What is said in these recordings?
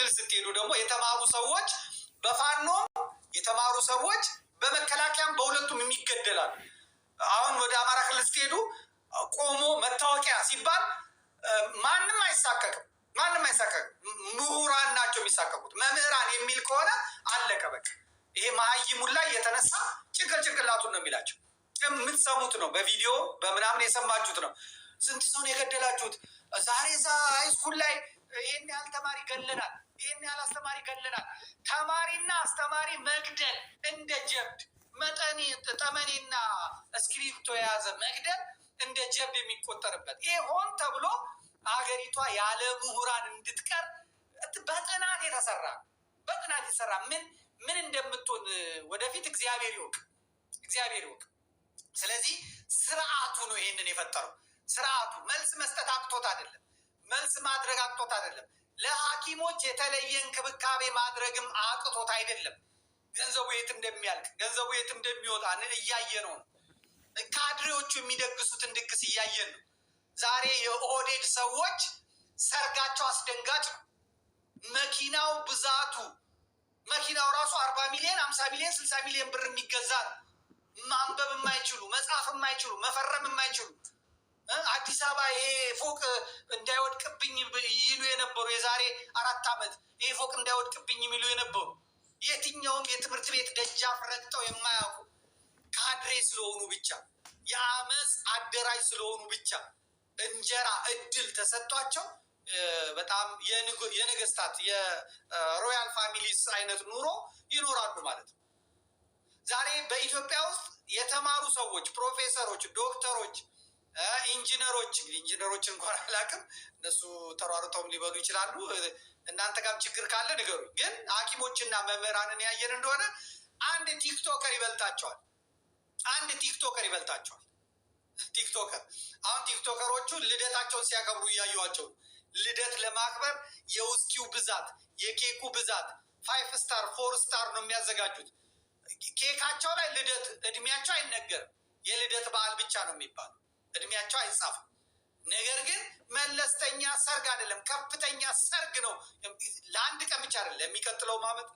ክልል ስትሄዱ ደግሞ የተማሩ ሰዎች በፋኖም የተማሩ ሰዎች በመከላከያም በሁለቱም የሚገደላሉ። አሁን ወደ አማራ ክልል ስትሄዱ ቆሞ መታወቂያ ሲባል ማንም አይሳቀቅም። ማንም አይሳቀቅም። ምሁራን ናቸው የሚሳቀቁት። መምህራን የሚል ከሆነ አለቀ በቃ። ይሄ መሀይሙ ላይ የተነሳ ጭቅል ጭቅላቱን ነው የሚላቸው። የምትሰሙት ነው፣ በቪዲዮ በምናምን የሰማችሁት ነው። ስንት ሰውን የገደላችሁት ዛሬ እዛ ሃይስኩል ላይ ይህን ያህል ተማሪ ገለናል። ይህን ያህል አስተማሪ ገለናል። ተማሪና አስተማሪ መግደል እንደ ጀብድ መጠኔ ጠመኔና እስክሪፕቶ የያዘ መግደል እንደ ጀብድ የሚቆጠርበት ይሄ ሆን ተብሎ አገሪቷ ያለ ምሁራን እንድትቀር በጥናት የተሰራ በጥናት የተሰራ ምን ምን እንደምትሆን ወደፊት እግዚአብሔር ይወቅ፣ እግዚአብሔር ይወቅ። ስለዚህ ስርዓቱ ነው ይሄንን የፈጠረው። ስርዓቱ መልስ መስጠት አቅቶት አይደለም፣ መልስ ማድረግ አቅቶት አይደለም። ለሐኪሞች የተለየ እንክብካቤ ማድረግም አቅቶት አይደለም። ገንዘቡ የት እንደሚያልቅ ገንዘቡ የት እንደሚወጣ እያየ ነው። ካድሬዎቹ የሚደግሱትን ድግስ እያየን ነው። ዛሬ የኦህዴድ ሰዎች ሰርጋቸው አስደንጋጭ ነው። መኪናው ብዛቱ መኪናው ራሱ አርባ ሚሊዮን አምሳ ሚሊዮን ስልሳ ሚሊዮን ብር የሚገዛ ነው። ማንበብ የማይችሉ መጻፍ የማይችሉ መፈረም የማይችሉ አዲስ አበባ ይሄ ፎቅ እንዳይወ ይሉ የነበሩ የዛሬ አራት ዓመት ይህ ፎቅ እንዳይወድቅብኝ የሚሉ የነበሩ የትኛውም የትምህርት ቤት ደጃፍ ረግጠው የማያውቁ ካድሬ ስለሆኑ ብቻ የአመፅ አደራጅ ስለሆኑ ብቻ እንጀራ እድል ተሰጥቷቸው በጣም የነገስታት የሮያል ፋሚሊስ አይነት ኑሮ ይኖራሉ ማለት ነው። ዛሬ በኢትዮጵያ ውስጥ የተማሩ ሰዎች ፕሮፌሰሮች፣ ዶክተሮች ኢንጂነሮች እንግዲህ ኢንጂነሮች እንኳን አላውቅም፣ እነሱ ተሯርተውም ሊበሉ ይችላሉ። እናንተ ጋርም ችግር ካለ ንገሩ። ግን ሐኪሞችና መምህራንን ያየን እንደሆነ አንድ ቲክቶከር ይበልጣቸዋል። አንድ ቲክቶከር ይበልጣቸዋል። ቲክቶከር አሁን ቲክቶከሮቹ ልደታቸውን ሲያከብሩ እያዩዋቸው ልደት ለማክበር የውስኪው ብዛት፣ የኬኩ ብዛት ፋይፍ ስታር ፎር ስታር ነው የሚያዘጋጁት። ኬካቸው ላይ ልደት እድሜያቸው አይነገርም። የልደት በዓል ብቻ ነው የሚባለው። እድሜያቸው አይጻፍም። ነገር ግን መለስተኛ ሰርግ አይደለም፣ ከፍተኛ ሰርግ ነው። ለአንድ ቀን ብቻ አይደለም፣ ለሚቀጥለው ዓመት።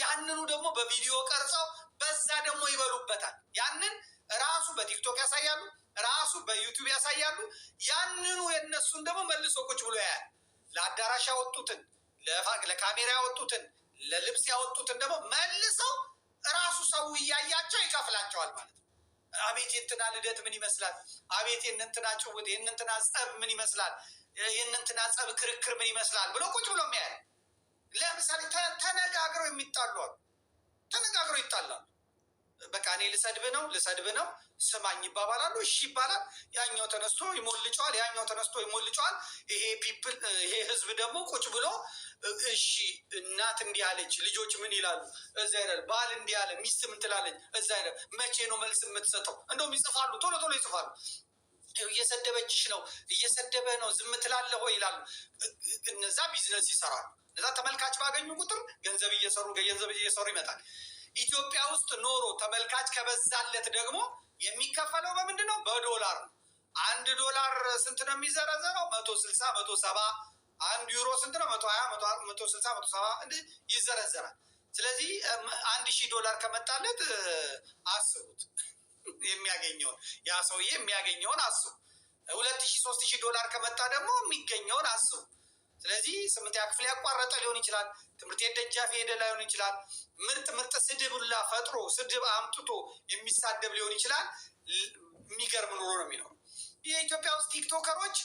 ያንኑ ደግሞ በቪዲዮ ቀርጸው በዛ ደግሞ ይበሉበታል። ያንን ራሱ በቲክቶክ ያሳያሉ፣ ራሱ በዩቱብ ያሳያሉ። ያንኑ የነሱን ደግሞ መልሶ ቁጭ ብሎ ያያል። ለአዳራሽ ያወጡትን፣ ለካሜራ ያወጡትን፣ ለልብስ ያወጡትን ደግሞ መልሰው ራሱ ሰው እያያቸው ይከፍላቸዋል ማለት ነው። አቤት የእንትና ልደት ምን ይመስላል? አቤት የእንትና ጭውት፣ የእንትና ጸብ ምን ይመስላል? የእንትና ጸብ ክርክር ምን ይመስላል ብሎ ቁጭ ብሎ የሚያል ለምሳሌ ተነጋግረው የሚጣሉ ተነጋግረው ይጣላሉ። በቃ እኔ ልሰድብ ነው ልሰድብ ነው ስማኝ ይባባላሉ። እሺ ይባላል። ያኛው ተነስቶ ይሞልጨዋል፣ ያኛው ተነስቶ ይሞልጨዋል። ይሄ ፒፕል ይሄ ህዝብ ደግሞ ቁጭ ብሎ እሺ እናት እንዲህ አለች፣ ልጆች ምን ይላሉ? እዛ አይደል? ባል እንዲህ አለ፣ ሚስት ምን ትላለች? እዛ አይደል? መቼ ነው መልስ የምትሰጠው? እንደውም ይጽፋሉ፣ ቶሎ ቶሎ ይጽፋሉ። እየሰደበችሽ ነው፣ እየሰደበ ነው፣ ዝም ትላለህ ወይ ይላሉ። እነዛ ቢዝነስ ይሰራሉ። እነዛ ተመልካች ባገኙ ቁጥር ገንዘብ እየሰሩ ገንዘብ እየሰሩ ይመጣል። ኢትዮጵያ ውስጥ ኖሮ ተመልካች ከበዛለት ደግሞ የሚከፈለው በምንድን ነው? በዶላር ነው። አንድ ዶላር ስንት ነው የሚዘረዘረው? መቶ ስልሳ መቶ ሰባ አንድ ዩሮ ስንት ነው? መቶ ሀያ መቶ ስልሳ መቶ ሰባ ይዘረዘራል። ስለዚህ አንድ ሺህ ዶላር ከመጣለት አስቡት የሚያገኘውን ያ ሰውዬ የሚያገኘውን አስቡ። ሁለት ሺህ ሶስት ሺህ ዶላር ከመጣ ደግሞ የሚገኘውን አስቡ። ስለዚህ ስምንተኛ ክፍል ያቋረጠ ሊሆን ይችላል። ትምህርት ደጃፍ ሄደ ላይሆን ይችላል። ምርጥ ምርጥ ስድብላ ፈጥሮ ስድብ አምጥቶ የሚሳደብ ሊሆን ይችላል። የሚገርም ኑሮ ነው የሚኖሩ። የኢትዮጵያ ውስጥ ቲክቶከሮች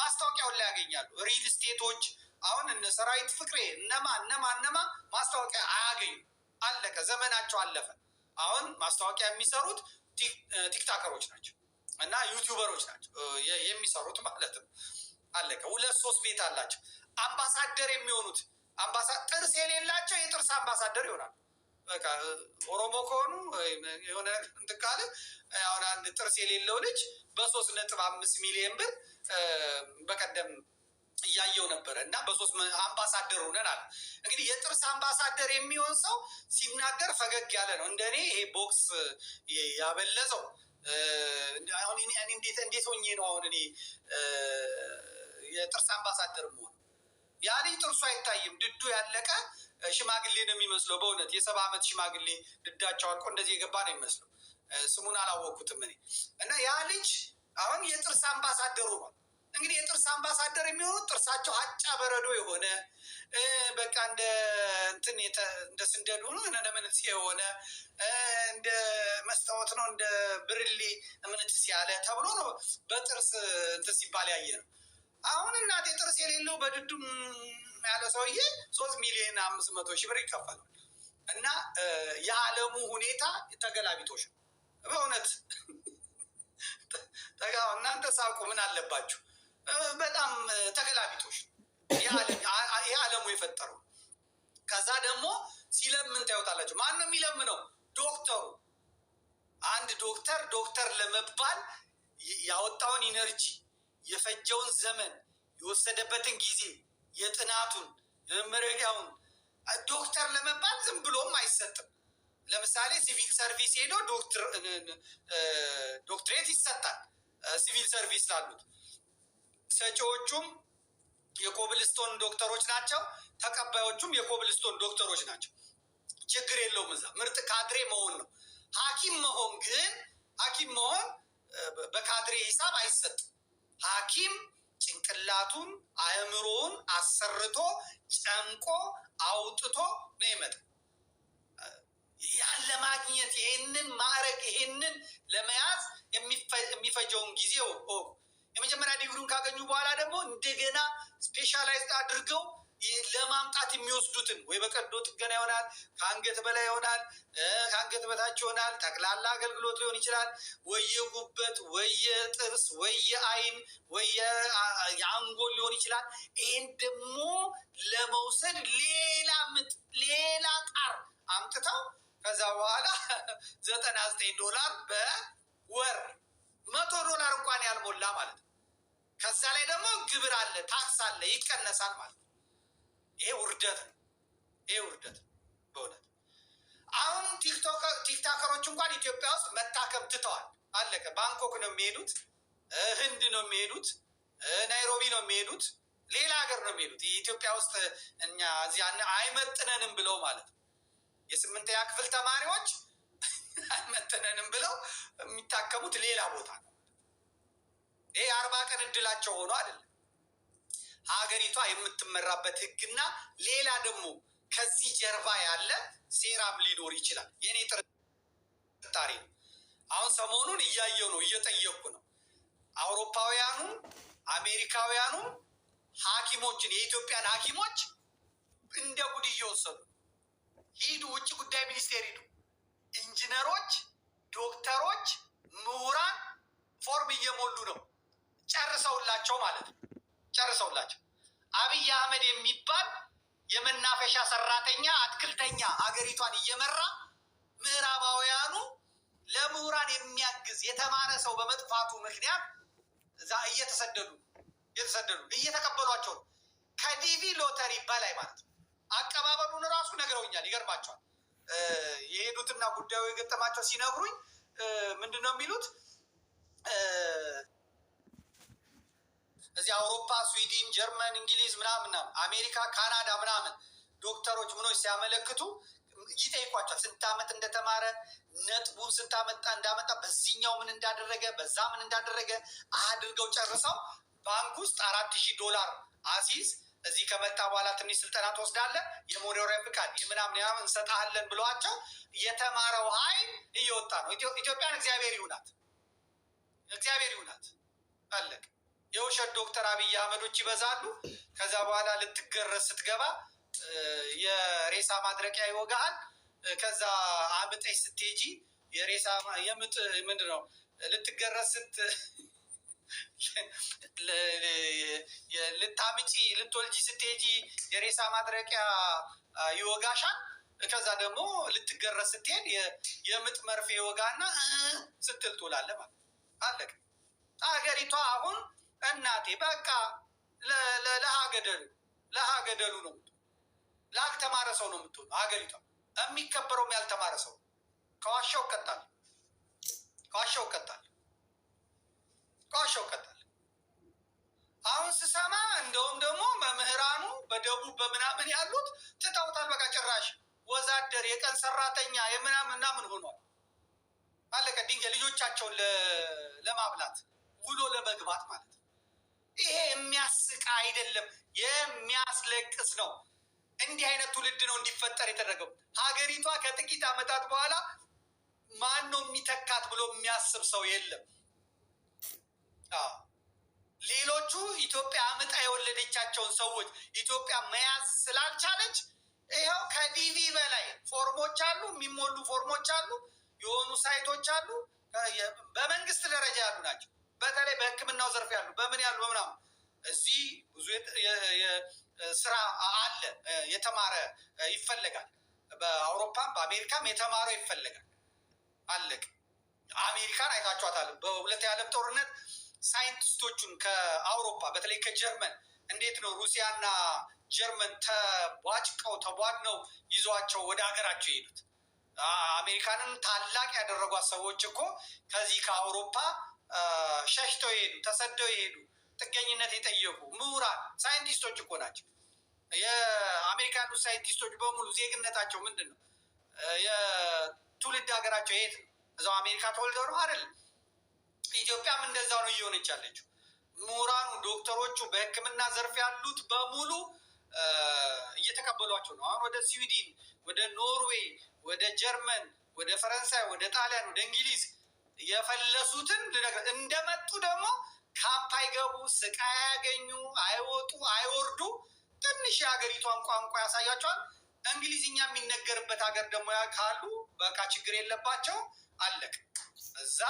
ማስታወቂያውን ላይ ያገኛሉ። ሪል ስቴቶች አሁን እነ ሰራዊት ፍቅሬ እነማ እነማ እነማ ማስታወቂያ አያገኙ። አለቀ፣ ዘመናቸው አለፈ። አሁን ማስታወቂያ የሚሰሩት ቲክታከሮች ናቸው እና ዩቲዩበሮች ናቸው የሚሰሩት ማለት ነው። አለቀ። ሁለት ሶስት ቤት አላቸው። አምባሳደር የሚሆኑት ጥርስ የሌላቸው የጥርስ አምባሳደር ይሆናል። በቃ ኦሮሞ ከሆኑ የሆነ እንትን ካለ አሁን አንድ ጥርስ የሌለው ልጅ በሶስት ነጥብ አምስት ሚሊዮን ብር በቀደም እያየው ነበረ እና በሶስት አምባሳደር አለ። እንግዲህ የጥርስ አምባሳደር የሚሆን ሰው ሲናገር ፈገግ ያለ ነው። እንደ እኔ ይሄ ቦክስ ያበለጸው አሁን እኔ እንዴት ሆኜ ነው አሁን እኔ የጥርስ አምባሳደር መሆን ያ ልጅ ጥርሱ አይታይም፣ ድዱ ያለቀ ሽማግሌ ነው የሚመስለው። በእውነት የሰባ ዓመት ሽማግሌ ድዳቸው አልቆ እንደዚህ የገባ ነው የሚመስለው። ስሙን አላወቅኩትም እኔ እና ያ ልጅ አሁን የጥርስ አምባሳደሩ ነው። እንግዲህ የጥርስ አምባሳደር የሚሆኑት ጥርሳቸው አጫ በረዶ የሆነ በቃ እንደ እንትን እንደ ስንደል ሆኖ እንደ የሆነ እንደ መስታወት ነው እንደ ብርሌ ምንትስ ያለ ተብሎ ነው በጥርስ እንትን ሲባል ያየ ነው። አሁን እናቴ ጥርስ የሌለው በድዱም ያለ ሰውዬ ሶስት ሚሊዮን አምስት መቶ ሺህ ብር ይከፈላል። እና የዓለሙ ሁኔታ ተገላቢጦሽ ነው በእውነት ጠጋ እናንተ ሳቁ፣ ምን አለባችሁ? በጣም ተገላቢጦሽ ይህ ዓለሙ የፈጠረው። ከዛ ደግሞ ሲለምን ታዩታላችሁ። ማን ነው የሚለምነው? ዶክተሩ። አንድ ዶክተር ዶክተር ለመባል ያወጣውን ኢነርጂ የፈጀውን ዘመን የወሰደበትን ጊዜ የጥናቱን የመመረቂያውን ዶክተር ለመባል ዝም ብሎም አይሰጥም። ለምሳሌ ሲቪል ሰርቪስ ሄዶ ዶክትሬት ይሰጣል። ሲቪል ሰርቪስ ላሉት ሰጪዎቹም የኮብልስቶን ዶክተሮች ናቸው፣ ተቀባዮቹም የኮብልስቶን ዶክተሮች ናቸው። ችግር የለውም። እዛ ምርጥ ካድሬ መሆን ነው። ሐኪም መሆን ግን ሐኪም መሆን በካድሬ ሂሳብ አይሰጥም። ሐኪም ጭንቅላቱን አእምሮውን አሰርቶ ጨምቆ አውጥቶ ነው ይመጣ ያን ለማግኘት ይህንን ማዕረግ ይህንን ለመያዝ የሚፈጀውን ጊዜ የመጀመሪያ ዲግሪውን ካገኙ በኋላ ደግሞ እንደገና ስፔሻላይዝ አድርገው ለማምጣት የሚወስዱትን ወይ በቀዶ ጥገና ይሆናል፣ ከአንገት በላይ ይሆናል፣ ከአንገት በታች ይሆናል፣ ጠቅላላ አገልግሎት ሊሆን ይችላል። ወየ ጉበት፣ ወየ ጥርስ፣ ወየ አይን፣ ወየ የአንጎል ሊሆን ይችላል። ይህን ደግሞ ለመውሰድ ሌላ ምጥ ሌላ ጣር አምጥተው ከዛ በኋላ ዘጠና ዘጠኝ ዶላር በወር መቶ ዶላር እንኳን ያልሞላ ማለት ነው። ከዛ ላይ ደግሞ ግብር አለ ታክስ አለ ይቀነሳል ማለት ነው። ይሄ ውርደት ነው። ይሄ ውርደት ነው በእውነት አሁን ቲክታከሮች እንኳን ኢትዮጵያ ውስጥ መታከም ትተዋል። አለቀ። ባንኮክ ነው የሚሄዱት፣ ህንድ ነው የሚሄዱት፣ ናይሮቢ ነው የሚሄዱት፣ ሌላ ሀገር ነው የሚሄዱት። ኢትዮጵያ ውስጥ እኛ እዚያ አይመጥነንም ብለው ማለት ነው የስምንተኛ ክፍል ተማሪዎች አይመጥነንም ብለው የሚታከሙት ሌላ ቦታ ነው። ይሄ የአርባ ቀን እድላቸው ሆኖ አይደለም። ሀገሪቷ የምትመራበት ህግና ሌላ ደግሞ ከዚህ ጀርባ ያለ ሴራም ሊኖር ይችላል። የኔ ጥርጣሬ ነው። አሁን ሰሞኑን እያየው ነው፣ እየጠየኩ ነው። አውሮፓውያኑ አሜሪካውያኑ ሐኪሞችን የኢትዮጵያን ሐኪሞች እንደ ጉድ እየወሰዱ ሂዱ፣ ውጭ ጉዳይ ሚኒስቴር ሂዱ፣ ኢንጂነሮች፣ ዶክተሮች፣ ምሁራን ፎርም እየሞሉ ነው። ጨርሰውላቸው ማለት ነው። ጨርሰውላቸው። አብይ አህመድ የሚባል የመናፈሻ ሰራተኛ አትክልተኛ አገሪቷን እየመራ ምዕራባውያኑ ለምሁራን የሚያግዝ የተማረ ሰው በመጥፋቱ ምክንያት እዛ እየተሰደዱ እየተሰደዱ እየተቀበሏቸው ነው። ከዲቪ ሎተሪ በላይ ማለት ነው። አቀባበሉን ራሱ ነግረውኛል። ይገርማቸዋል። የሄዱትና ጉዳዩ የገጠማቸው ሲነግሩኝ ምንድን ነው የሚሉት እዚህ አውሮፓ፣ ስዊድን፣ ጀርመን፣ እንግሊዝ ምናምን፣ አሜሪካ፣ ካናዳ ምናምን ዶክተሮች ምኖች ሲያመለክቱ ይጠይቋቸዋል። ስንት ዓመት እንደተማረ ነጥቡን ስንት አመጣ እንዳመጣ በዚህኛው ምን እንዳደረገ በዛ ምን እንዳደረገ አድርገው ጨርሰው ባንክ ውስጥ አራት ሺህ ዶላር አሲዝ እዚህ ከመጣ በኋላ ትንሽ ስልጠና ትወስዳለህ፣ የሞሪሪያ ፍቃድ የምናምን ያም እንሰጥሃለን ብሏቸው የተማረው ኃይል እየወጣ ነው። ኢትዮጵያን እግዚአብሔር ይሁናት፣ እግዚአብሔር ይሁናት አለቅ የውሸት ዶክተር አብይ አህመዶች ይበዛሉ። ከዛ በኋላ ልትገረዝ ስትገባ የሬሳ ማድረቂያ ይወጋሃል። ከዛ አምጠሽ ስትሄጂ የሬሳ የምጥ ምንድን ነው ልትገረዝ ስት ልታምጪ ልትወልጂ ስትሄጂ የሬሳ ማድረቂያ ይወጋሻል። ከዛ ደግሞ ልትገረዝ ስትሄድ የምጥ መርፌ ይወጋና ስትል ትውላለህ ማለት አለቅ አገሪቷ አሁን እናቴ በቃ ለሀገደሉ ለሀገደሉ ነው ላልተማረ ሰው ነው የምትሆነው ሀገሪቷ። የሚከበረውም ያልተማረ ሰው ከዋሻው ቀጣል ከዋሻው ቀጣል ከዋሻው ቀጣል። አሁን ስሰማ እንደውም ደግሞ መምህራኑ በደቡብ በምናምን ያሉት ትተውታል። በቃ ጭራሽ ወዛደር የቀን ሰራተኛ የምናምን ምናምን ሆኗል። አለቀ ድንገ ልጆቻቸውን ለማብላት ውሎ ለመግባት ማለት ነው። ይሄ የሚያስቅ አይደለም፣ የሚያስለቅስ ነው። እንዲህ አይነት ትውልድ ነው እንዲፈጠር የተደረገው። ሀገሪቷ ከጥቂት ዓመታት በኋላ ማን ነው የሚተካት ብሎ የሚያስብ ሰው የለም። ሌሎቹ ኢትዮጵያ አመጣ የወለደቻቸውን ሰዎች ኢትዮጵያ መያዝ ስላልቻለች ይኸው ከዲቪ በላይ ፎርሞች አሉ፣ የሚሞሉ ፎርሞች አሉ፣ የሆኑ ሳይቶች አሉ፣ በመንግስት ደረጃ ያሉ ናቸው። በተለይ በህክምናው ዘርፍ ያሉ በምን ያሉ በምናም እዚህ ብዙ ስራ አለ። የተማረ ይፈለጋል። በአውሮፓም በአሜሪካም የተማረ ይፈለጋል። አለቅ አሜሪካን አይታችኋታል። በሁለተኛ ዓለም ጦርነት ሳይንቲስቶቹን ከአውሮፓ በተለይ ከጀርመን እንዴት ነው ሩሲያና ጀርመን ተቧጭቀው ተቧድነው ይዟቸው ወደ ሀገራቸው የሄዱት። አሜሪካንን ታላቅ ያደረጓት ሰዎች እኮ ከዚህ ከአውሮፓ ሸሽተው የሄዱ ተሰደው የሄዱ ጥገኝነት የጠየቁ ምሁራን ሳይንቲስቶች እኮ ናቸው። የአሜሪካኑ ሳይንቲስቶች በሙሉ ዜግነታቸው ምንድን ነው? የትውልድ ሀገራቸው የት ነው? እዛው አሜሪካ ተወልደው ነው አይደል? ኢትዮጵያም እንደዛ ነው እየሆነች ያለችው። ምሁራኑ ዶክተሮቹ፣ በህክምና ዘርፍ ያሉት በሙሉ እየተቀበሏቸው ነው። አሁን ወደ ስዊድን፣ ወደ ኖርዌይ፣ ወደ ጀርመን፣ ወደ ፈረንሳይ፣ ወደ ጣሊያን፣ ወደ እንግሊዝ የፈለሱትን ልነግርህ እንደመጡ ደግሞ ካፕ አይገቡ፣ ስቃይ አያገኙ፣ አይወጡ፣ አይወርዱ። ትንሽ የሀገሪቷን ቋንቋ ያሳያቸዋል። እንግሊዝኛ የሚነገርበት ሀገር ደግሞ ካሉ በቃ ችግር የለባቸው አለቅ እዛ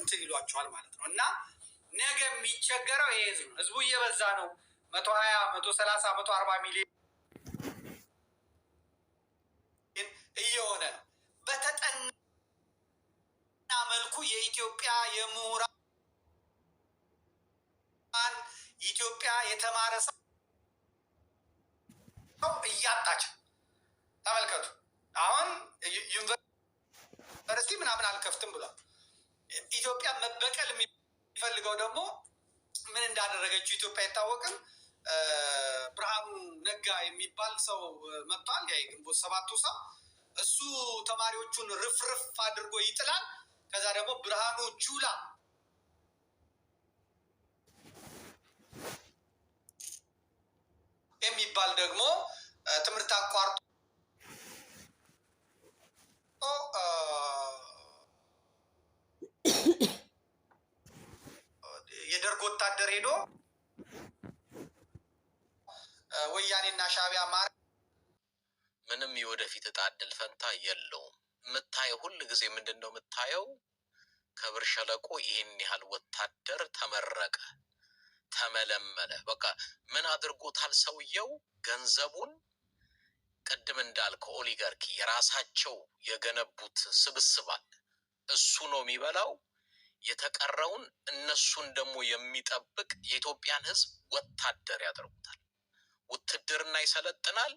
እንትን ይሏቸዋል ማለት ነው። እና ነገ የሚቸገረው ይሄ ህዝብ ነው። ህዝቡ እየበዛ ነው። መቶ ሀያ መቶ ሰላሳ መቶ አርባ ሚሊዮን እየሆነ ነው በተጠና መልኩ የኢትዮጵያ የምሁራን ኢትዮጵያ የተማረ ሰው እያጣች ተመልከቱ። አሁን ዩኒቨርሲቲ ምናምን አልከፍትም ብሏል። ኢትዮጵያ መበቀል የሚፈልገው ደግሞ ምን እንዳደረገችው ኢትዮጵያ አይታወቅም። ብርሃኑ ነጋ የሚባል ሰው መጥቷል። ያ ግንቦት ሰባቱ ሰው እሱ ተማሪዎቹን ርፍርፍ አድርጎ ይጥላል። ከዛ ደግሞ ብርሃኑ ጁላ የሚባል ደግሞ ትምህርት አቋርጦ የደርግ ወታደር ሄዶ ወያኔና ሻቢያ ማር ምንም የወደፊት እጣ ዕድል ፈንታ የለውም። የምታየው ሁል ጊዜ ምንድን ነው የምታየው? ከብር ሸለቆ ይህን ያህል ወታደር ተመረቀ፣ ተመለመለ። በቃ ምን አድርጎታል ሰውየው? ገንዘቡን ቅድም እንዳልከው ኦሊጋርኪ የራሳቸው የገነቡት ስብስባል እሱ ነው የሚበላው። የተቀረውን እነሱን ደግሞ የሚጠብቅ የኢትዮጵያን ሕዝብ ወታደር ያደርጉታል። ውትድርና ይሰለጥናል።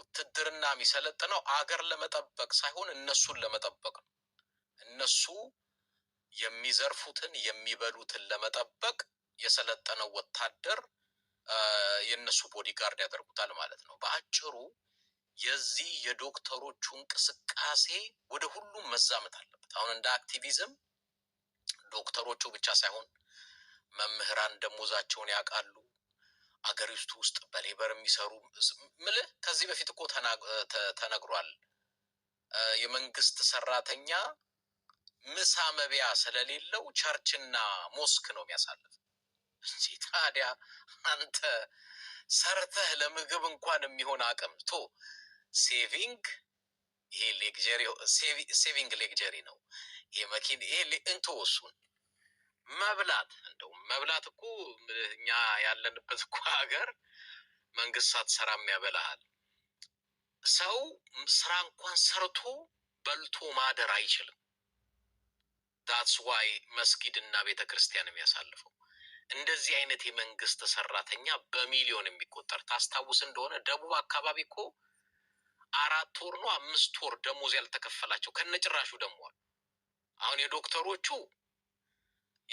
ውትድርና የሚሰለጥነው አገር ለመጠበቅ ሳይሆን እነሱን ለመጠበቅ ነው። እነሱ የሚዘርፉትን የሚበሉትን ለመጠበቅ የሰለጠነው ወታደር የእነሱ ቦዲጋርድ ያደርጉታል ማለት ነው። በአጭሩ የዚህ የዶክተሮቹ እንቅስቃሴ ወደ ሁሉም መዛመት አለበት። አሁን እንደ አክቲቪዝም ዶክተሮቹ ብቻ ሳይሆን መምህራን ደሞዛቸውን ያውቃሉ። አገሪቱ ውስጥ በሌበር የሚሰሩ ምልህ ከዚህ በፊት እኮ ተነግሯል። የመንግስት ሰራተኛ ምሳ መቢያ ስለሌለው ቸርችና ሞስክ ነው የሚያሳልፍ እንጂ ታዲያ አንተ ሰርተህ ለምግብ እንኳን የሚሆን አቅም ቶ ሴቪንግ ይሄ ሌግጀሪ ሴቪንግ ሌግጀሪ ነው። ይሄ መኪን ይሄ እንቶ እሱን መብላት እንደውም መብላት እኮ እኛ ያለንበት እኮ ሀገር መንግስት ሳትሰራም ያበላሃል። ሰው ስራ እንኳን ሰርቶ በልቶ ማደር አይችልም። ዳትስ ዋይ መስጊድና ቤተ ክርስቲያን የሚያሳልፈው እንደዚህ አይነት የመንግስት ሰራተኛ በሚሊዮን የሚቆጠር ታስታውስ እንደሆነ ደቡብ አካባቢ እኮ አራት ወር ነው አምስት ወር ደሞዝ ያልተከፈላቸው ከነጭራሹ ደሟል። አሁን የዶክተሮቹ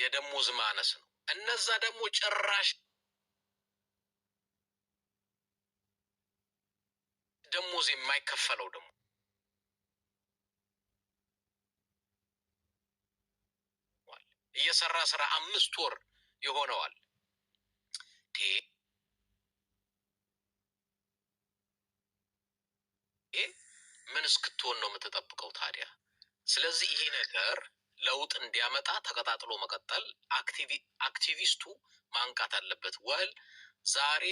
የደሞዝ ማነስ ነው። እነዛ ደግሞ ጭራሽ ደሞዝ የማይከፈለው ደግሞ እየሰራ ስራ አምስት ወር ይሆነዋል። ምን እስክትሆን ነው የምትጠብቀው ታዲያ? ስለዚህ ይሄ ነገር ለውጥ እንዲያመጣ ተቀጣጥሎ መቀጠል አክቲቪስቱ ማንቃት አለበት። ወል ዛሬ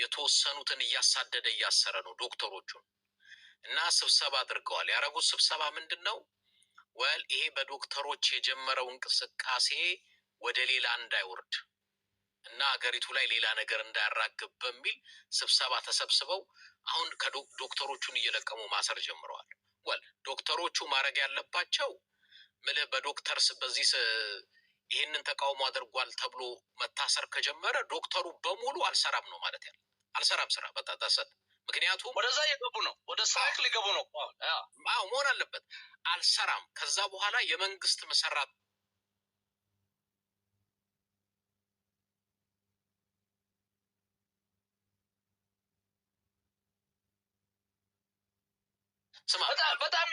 የተወሰኑትን እያሳደደ እያሰረ ነው ዶክተሮቹን እና ስብሰባ አድርገዋል። ያደረጉት ስብሰባ ምንድን ነው? ወል ይሄ በዶክተሮች የጀመረው እንቅስቃሴ ወደ ሌላ እንዳይወርድ እና ሀገሪቱ ላይ ሌላ ነገር እንዳያራግብ በሚል ስብሰባ ተሰብስበው አሁን ከዶክተሮቹን እየለቀሙ ማሰር ጀምረዋል። ወል ዶክተሮቹ ማድረግ ያለባቸው ምልህ በዶክተርስ በዚህ ይህንን ተቃውሞ አድርጓል ተብሎ መታሰር ከጀመረ ዶክተሩ በሙሉ አልሰራም ነው ማለት ያለ አልሰራም ስራ በጣጣሰት ምክንያቱም ወደዛ የገቡ ነው ወደ ስትራይክ ሊገቡ ነው። አዎ መሆን አለበት። አልሰራም ከዛ በኋላ የመንግስት መሰራት ስማ በጣም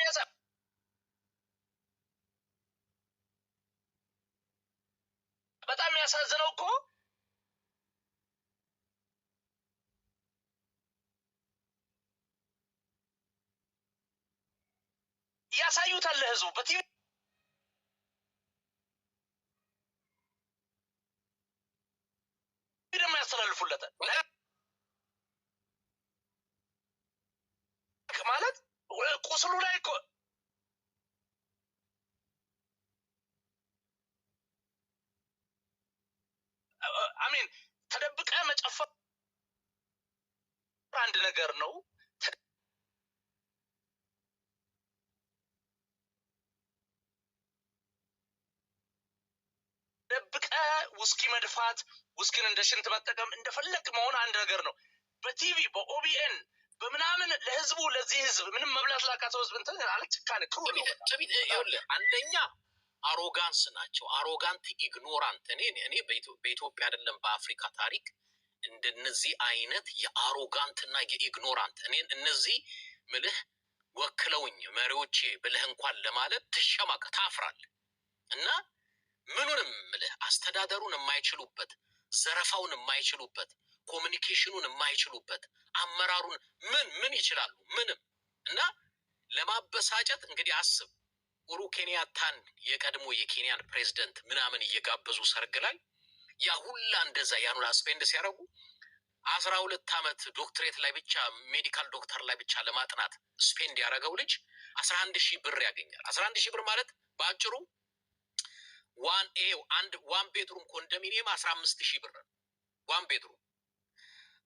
በጣም የሚያሳዝነው እኮ ያሳዩታል ለህዝቡ በቲቪ ደግሞ ያስተላልፉለታል። ማለት ቁስሉ ላይ አሜን። ተደብቀ መጨፈር አንድ ነገር ነው። ተደብቀ ውስኪ መድፋት፣ ውስኪን እንደ ሽንት መጠቀም፣ እንደፈለግ መሆን አንድ ነገር ነው። በቲቪ በኦቢኤን በምናምን ለህዝቡ ለዚህ ህዝብ ምንም መብላት ላቃተው ህዝብ እንትን ክሩ አለችካነ አንደኛ አሮጋንስ ናቸው። አሮጋንት ኢግኖራንት። እኔ እኔ በኢትዮጵያ አይደለም በአፍሪካ ታሪክ እንደነዚህ አይነት እና የኢግኖራንት እኔን እነዚህ ምልህ ወክለውኝ መሪዎቼ ብልህ እንኳን ለማለት ትሸማቀ ታፍራል እና ምኑንም ምልህ አስተዳደሩን የማይችሉበት ዘረፋውን የማይችሉበት ኮሚኒኬሽኑን የማይችሉበት አመራሩን ምን ምን ይችላሉ? ምንም እና ለማበሳጨት እንግዲህ አስብ ኡሩ ኬንያታን የቀድሞ የኬንያን ፕሬዚደንት ምናምን እየጋበዙ ሰርግ ላይ ያ ሁላ እንደዛ ያኑን አስፔንድ ሲያደርጉ አስራ ሁለት ዓመት ዶክትሬት ላይ ብቻ ሜዲካል ዶክተር ላይ ብቻ ለማጥናት ስፔንድ ያደረገው ልጅ አስራ አንድ ሺህ ብር ያገኛል። አስራ አንድ ሺህ ብር ማለት በአጭሩ ዋን ኤ አንድ ዋን ቤድሩም ኮንዶሚኒየም አስራ አምስት ሺህ ብር ነው። ዋን ቤድሩም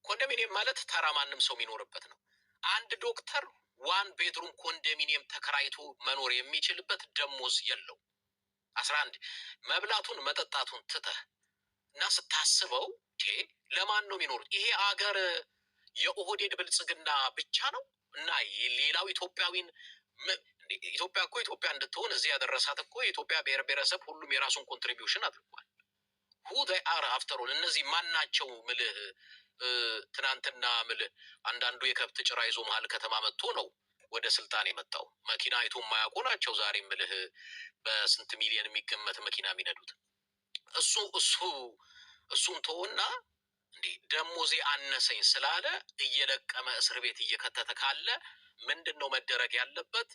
ኮንዶሚኒየም ማለት ተራ ማንም ሰው የሚኖርበት ነው። አንድ ዶክተር ዋን ቤድሩም ኮንዶሚኒየም ተከራይቶ መኖር የሚችልበት ደሞዝ የለው። አስራ አንድ መብላቱን መጠጣቱን ትተህ እና ስታስበው ለማን ነው የሚኖሩት? ይሄ አገር የኦህዴድ ብልጽግና ብቻ ነው እና ሌላው ኢትዮጵያዊን ኢትዮጵያ እኮ ኢትዮጵያ እንድትሆን እዚህ ያደረሳት እኮ የኢትዮጵያ ብሔር ብሔረሰብ ሁሉም የራሱን ኮንትሪቢዩሽን አድርጓል። ሁ አር አፍተሮን እነዚህ ማናቸው ምልህ ትናንትና ምልህ አንዳንዱ የከብት ጭራ ይዞ መሀል ከተማ መጥቶ ነው ወደ ስልጣን የመጣው። መኪና አይቶ የማያውቁ ናቸው። ዛሬ ምልህ በስንት ሚሊዮን የሚገመት መኪና የሚነዱት እሱ እሱ እሱን ተውና እንዴ ደሞዜ አነሰኝ ስላለ እየለቀመ እስር ቤት እየከተተ ካለ ምንድን ነው መደረግ ያለበት?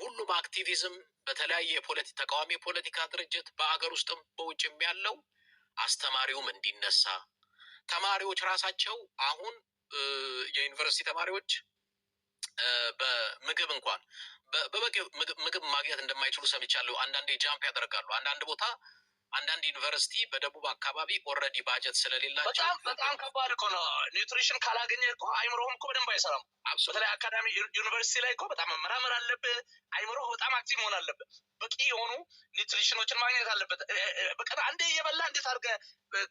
ሁሉም አክቲቪዝም በተለያየ የፖለቲ ተቃዋሚ የፖለቲካ ድርጅት በአገር ውስጥም በውጭም ያለው አስተማሪውም እንዲነሳ ተማሪዎች ራሳቸው አሁን የዩኒቨርሲቲ ተማሪዎች በምግብ እንኳን በበቂ ምግብ ማግኘት እንደማይችሉ ሰምቻለሁ። አንዳንዴ ጃምፕ ያደርጋሉ። አንዳንድ ቦታ አንዳንድ ዩኒቨርሲቲ በደቡብ አካባቢ ኦልሬዲ ባጀት ስለሌላቸው በጣም በጣም ከባድ እኮ ነው። ኒውትሪሽን ካላገኘ እኮ አይምሮህም እኮ በደንብ አይሰራም። በተለይ አካዳሚ ዩኒቨርሲቲ ላይ እኮ በጣም መመራመር አለብህ። አይምሮህ በጣም አክቲቭ መሆን አለብህ። በቂ የሆኑ ኒውትሪሽኖችን ማግኘት አለበት። በቀን አንዴ እየበላ እንዴት አድርገህ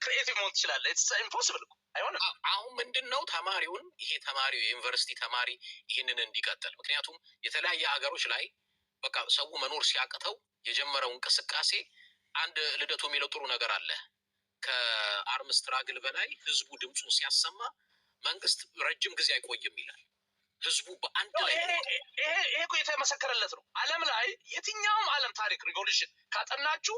ክሪኤቲቭ መሆን ትችላለህ? ኢምፖስብል አይሆንም። አሁን ምንድን ነው ተማሪውን ይሄ ተማሪው የዩኒቨርሲቲ ተማሪ ይህንን እንዲቀጥል ምክንያቱም የተለያየ ሀገሮች ላይ በቃ ሰው መኖር ሲያቅተው የጀመረው እንቅስቃሴ አንድ ልደቱ የሚለው ጥሩ ነገር አለ። ከአርም ስትራግል በላይ ህዝቡ ድምፁን ሲያሰማ መንግስት ረጅም ጊዜ አይቆይም ይላል። ህዝቡ በአንድ ላይ ይሄ እኮ የተመሰከረለት ነው። ዓለም ላይ የትኛውም ዓለም ታሪክ ሪቮሉሽን ካጠናችሁ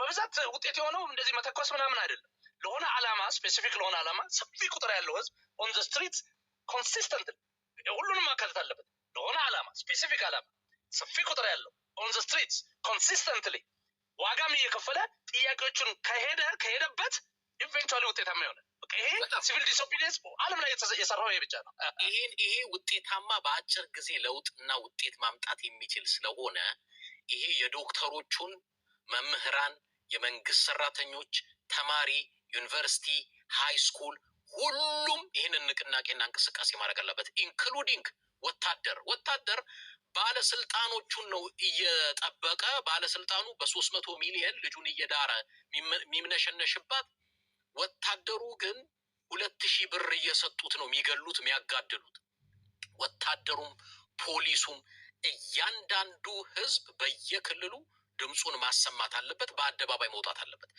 በብዛት ውጤት የሆነው እንደዚህ መተኮስ ምናምን አይደለም። ለሆነ ዓላማ ስፔሲፊክ ለሆነ ዓላማ ሰፊ ቁጥር ያለው ህዝብ ኦን ዘ ስትሪት ኮንሲስተንት ሁሉንም ማካተት አለበት። ለሆነ ዓላማ ስፔሲፊክ ዓላማ ሰፊ ቁጥር ያለው ኦን ዘ ስትሪት ኮንሲስተንትሊ ዋጋም እየከፈለ ጥያቄዎቹን ከሄደ ከሄደበት ኢቨንቹዋሊ ውጤታማ ይሆናል። ይሄ ሲቪል ዲስኦቢዲየንስ ዓለም ላይ የሰራው ይሄ ብቻ ነው። ይሄን ይሄ ውጤታማ በአጭር ጊዜ ለውጥ እና ውጤት ማምጣት የሚችል ስለሆነ ይሄ የዶክተሮቹን፣ መምህራን፣ የመንግስት ሰራተኞች፣ ተማሪ፣ ዩኒቨርሲቲ፣ ሃይ ስኩል ሁሉም ይህንን ንቅናቄና እንቅስቃሴ ማድረግ አለበት ኢንክሉዲንግ ወታደር ወታደር ባለስልጣኖቹን ነው እየጠበቀ ባለስልጣኑ በሶስት መቶ ሚሊየን ልጁን እየዳረ የሚምነሸነሽባት፣ ወታደሩ ግን ሁለት ሺህ ብር እየሰጡት ነው የሚገሉት የሚያጋድሉት። ወታደሩም ፖሊሱም እያንዳንዱ ህዝብ በየክልሉ ድምፁን ማሰማት አለበት፣ በአደባባይ መውጣት አለበት።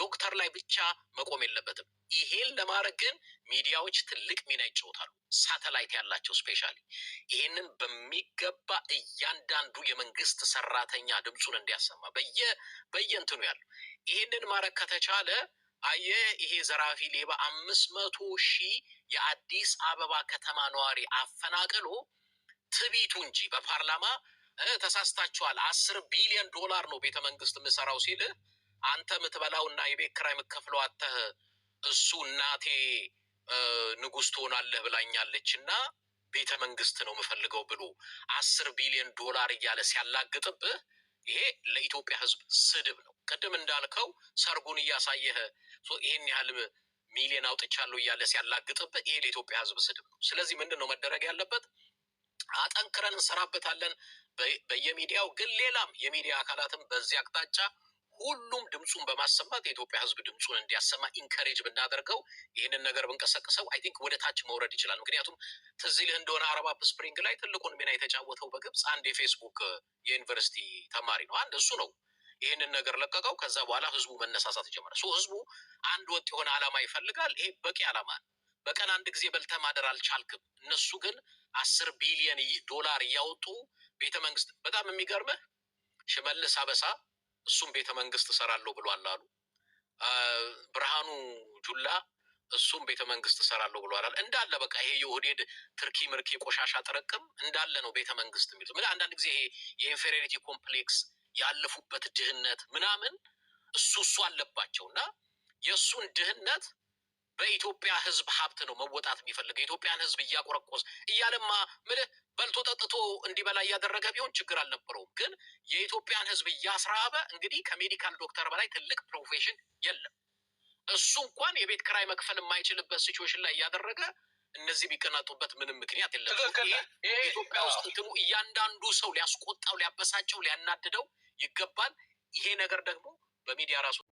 ዶክተር ላይ ብቻ መቆም የለበትም። ይሄን ለማድረግ ግን ሚዲያዎች ትልቅ ሚና ይጫወታሉ። ሳተላይት ያላቸው ስፔሻሊ ይህንን በሚገባ እያንዳንዱ የመንግስት ሰራተኛ ድምፁን እንዲያሰማ በየ በየእንትኑ ያሉ ይህንን ማድረግ ከተቻለ አየ ይሄ ዘራፊ ሌባ አምስት መቶ ሺህ የአዲስ አበባ ከተማ ነዋሪ አፈናቅሎ ትቢቱ እንጂ በፓርላማ ተሳስታችኋል፣ አስር ቢሊዮን ዶላር ነው ቤተ መንግስት የምሰራው ሲል አንተ እና የቤት ኪራይ የምከፍለው አተህ እሱ እናቴ ንጉስ ትሆናለህ ብላኛለች እና ቤተ መንግስት ነው የምፈልገው ብሎ አስር ቢሊዮን ዶላር እያለ ሲያላግጥብህ ይሄ ለኢትዮጵያ ህዝብ ስድብ ነው። ቅድም እንዳልከው ሰርጉን እያሳየህ ይሄን ያህል ሚሊዮን አውጥቻለሁ እያለ ሲያላግጥብህ ይሄ ለኢትዮጵያ ህዝብ ስድብ ነው። ስለዚህ ምንድን ነው መደረግ ያለበት? አጠንክረን እንሰራበታለን በየሚዲያው ግን ሌላም የሚዲያ አካላትም በዚህ አቅጣጫ ሁሉም ድምፁን በማሰማት የኢትዮጵያ ህዝብ ድምፁን እንዲያሰማ ኢንከሬጅ ብናደርገው ይህንን ነገር ብንቀሰቅሰው አይ ቲንክ ወደ ታች መውረድ ይችላል። ምክንያቱም ትዝ ይልህ እንደሆነ አረብ ስፕሪንግ ላይ ትልቁን ሚና የተጫወተው በግብፅ አንድ የፌስቡክ የዩኒቨርሲቲ ተማሪ ነው። አንድ እሱ ነው ይህንን ነገር ለቀቀው። ከዛ በኋላ ህዝቡ መነሳሳት ጀመረ። ህዝቡ አንድ ወጥ የሆነ ዓላማ ይፈልጋል። ይሄ በቂ ዓላማ ነው። በቀን አንድ ጊዜ በልተ ማደር አልቻልክም። እነሱ ግን አስር ቢሊየን ዶላር እያወጡ ቤተ መንግስት በጣም የሚገርምህ ሽመልስ አበሳ እሱም ቤተ መንግስት እሰራለሁ ብሏል አሉ። ብርሃኑ ጁላ እሱም ቤተ መንግስት እሰራለሁ ብሏል። እንዳለ በቃ ይሄ የኦህዴድ ትርኪ ምርኪ ቆሻሻ ጥርቅም እንዳለ ነው ቤተ መንግስት የሚሉት። ምን አንዳንድ ጊዜ ይሄ የኢንፌሪዮሪቲ ኮምፕሌክስ ያለፉበት ድህነት ምናምን እሱ እሱ አለባቸው እና የእሱን ድህነት በኢትዮጵያ ህዝብ ሀብት ነው መወጣት የሚፈልገው የኢትዮጵያን ህዝብ እያቆረቆስ እያለማ ምልህ በልቶ ጠጥቶ እንዲበላ እያደረገ ቢሆን ችግር አልነበረውም። ግን የኢትዮጵያን ህዝብ እያስራበ እንግዲህ ከሜዲካል ዶክተር በላይ ትልቅ ፕሮፌሽን የለም። እሱ እንኳን የቤት ክራይ መክፈል የማይችልበት ሲቹዌሽን ላይ እያደረገ እነዚህ የሚቀናጡበት ምንም ምክንያት የለም። ኢትዮጵያ ውስጥ እንትኑ እያንዳንዱ ሰው ሊያስቆጣው፣ ሊያበሳጨው፣ ሊያናድደው ይገባል። ይሄ ነገር ደግሞ በሚዲያ ራሱ